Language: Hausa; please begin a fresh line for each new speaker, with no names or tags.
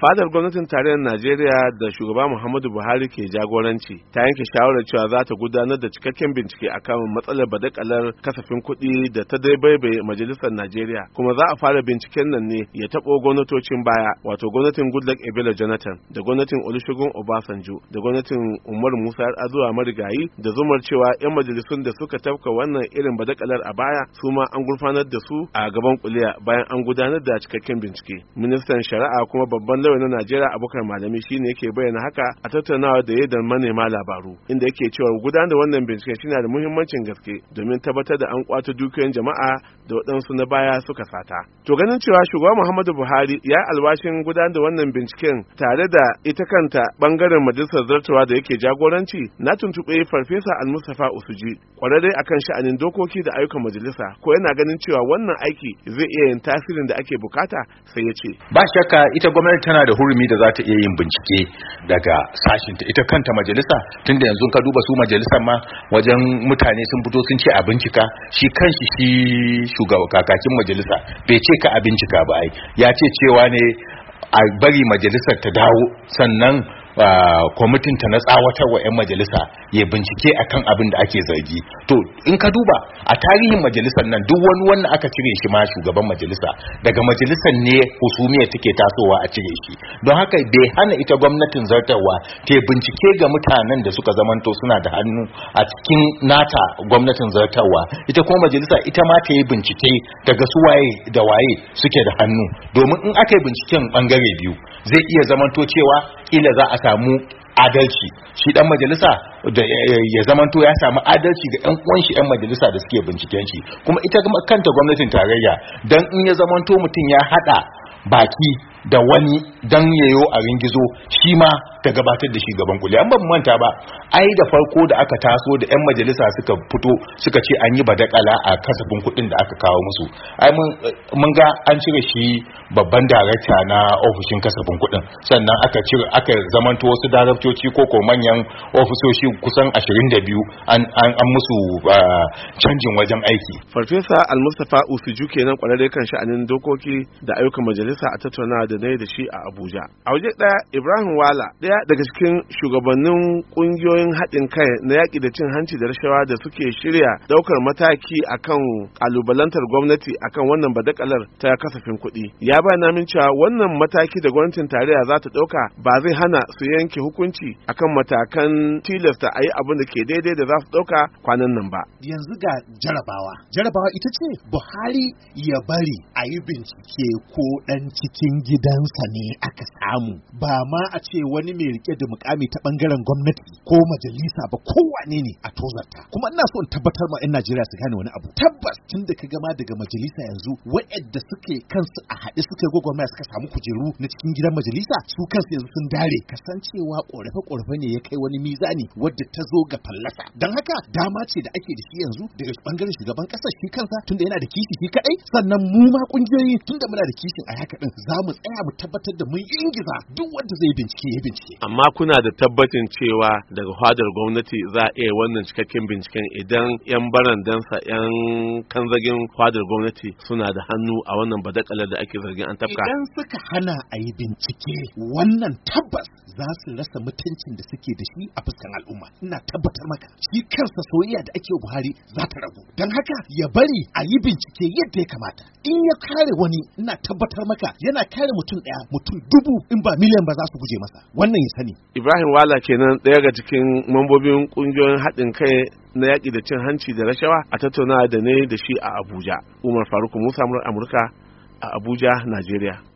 fadar gwamnatin tarayyar najeriya da shugaba muhammadu buhari ke jagoranci ta yanke shawarar cewa za ta gudanar da cikakken bincike akan matsalar badakalar kasafin kuɗi da ta daibaibe majalisar najeriya kuma za a fara binciken nan ne ya taɓo gwamnatocin baya wato gwamnatin goodluck ebele jonathan da gwamnatin olusegun obasanjo da gwamnatin umar musa azuwa marigayi da zumar cewa yan majalisun da suka tafka wannan irin badakalar a baya su ma an gurfanar da su a gaban kuliya bayan an gudanar da cikakken bincike ministan shari'a kuma babban lauya na najeriya abokan malami shine yake bayyana haka a tattaunawa da yadda manema labaru inda yake cewa gudanar da wannan bincike shine da muhimmancin gaske domin tabbatar da an kwato dukiyoyin jama'a da waɗansu na baya suka sata to ganin cewa shugaba muhammadu buhari ya alwashin gudanar da wannan binciken tare da ita kanta bangaren majalisar zartawa da yake jagoranci na tuntuɓe farfesa almustafa usuji kwararre akan sha'anin dokoki da ayyukan majalisa ko yana ganin cewa wannan aiki zai iya yin tasirin da ake bukata sai ya ce ba shakka ita gwamnati
tana da hurumi da za ta iya yin bincike daga sashinta ita kanta majalisa tunda yanzu ka duba su majalisar ma wajen mutane sun fito sun ce a bincika shi kanshi shi shugaba kakakin majalisa bai ce ka a bincika ba ai ya ce cewa ne a bari majalisar ta dawo sannan kwamitinta ta na tsawatarwa 'yan majalisa ya bincike akan abin da ake zargi to in ka duba a tarihin majalisar nan duk wani wanda aka cire shi ma shugaban majalisa daga majalisar ne husumiya take tasowa a cire shi don haka bai hana ita gwamnatin zartarwa ta bincike ga mutanen da suka zamanto suna da hannu a cikin nata gwamnatin zartarwa ita kuma majalisa ita ma ta yi bincike daga su waye da waye suke da hannu domin in aka yi binciken bangare biyu zai iya zamanto cewa ila za a samu adalci shi dan majalisa da ya zamanto ya samu adalci ga yan uwan shi yan majalisa da suke binciken shi kuma ita kanta gwamnatin tarayya dan in ya zamanto mutum ya hada baki da wani dan yayo a ringizo shi ma ta gabatar da shi gaban kulli an ban manta ba ai da farko da aka taso da yan majalisa suka fito suka ce an yi badakala a kasafin kuɗin da aka kawo musu ai mun ga an cire shi babban darakta na ofishin kasafin kuɗin sannan aka cire aka zamanto wasu daraktoci ko ko manyan ofisoshi kusan 22 an an musu ah, canjin wajen aiki
farfesa almustafa usuju kenan kwararre kan sha'anin dokoki da ayyukan majalisa a tattauna da da na da shi a Abuja. A waje ɗaya Ibrahim Wala ɗaya daga cikin shugabannin ƙungiyoyin haɗin kai na yaƙi da cin hanci da rashawa da suke shirya ɗaukar mataki akan ƙalubalantar gwamnati akan wannan badakalar ta kasafin kuɗi. Ya ba na cewa wannan mataki da gwamnatin tarayya za ta ɗauka ba zai hana su yanke hukunci akan matakan tilasta a yi abin da ke daidai da za su ɗauka kwanan nan ba.
Yanzu ga jarabawa. Jarabawa ita ce Buhari ya bari a yi bincike ko ɗan cikin gida. gidansa ne aka samu ba ma a ce wani mai rike da mukami ta bangaren gwamnati ko majalisa ba kowane ne a tozarta kuma ina so in tabbatar ma 'yan Najeriya su gane wani abu tabbas tun da ka gama daga majalisa yanzu waɗanda suke kansu a haɗe suke yi gwagwarmaya suka samu kujeru na cikin gidan majalisa su kansu yanzu sun dare kasancewa ƙorafe korafe ne ya kai wani mizani wadda ta zo ga fallasa dan haka dama ce da ake da shi yanzu daga bangaren shugaban kasa shi kansa tun da yana da kishi shi kaɗai sannan mu ma tun da muna da kishin a haka ɗin za mu tsaya za mu tabbatar da mun ingiza duk wanda zai bincike ya bincike
amma kuna da tabbacin cewa daga hadar gwamnati za a iya wannan cikakken binciken idan yan barandansa yan kanzagin hadar gwamnati suna da hannu a wannan badakalar da ake zargin an tafka idan
suka hana a yi bincike wannan tabbas za su rasa mutuncin da suke da shi a fuskan al'umma ina tabbatar maka shi kansa soyayya da ake Buhari za ta ragu don haka ya bari a yi bincike yadda ya kamata in ya kare wani ina tabbatar maka yana kare mutum ɗaya mutum dubu in ba miliyan ba za su guje masa wannan ya sani
Ibrahim Wala kenan ɗaya ga cikin mambobin ƙungiyoyin haɗin kai na yaƙi da cin hanci da rashawa a tattauna da ne da shi a Abuja Umar Faruk Musa Amurka a Abuja Najeriya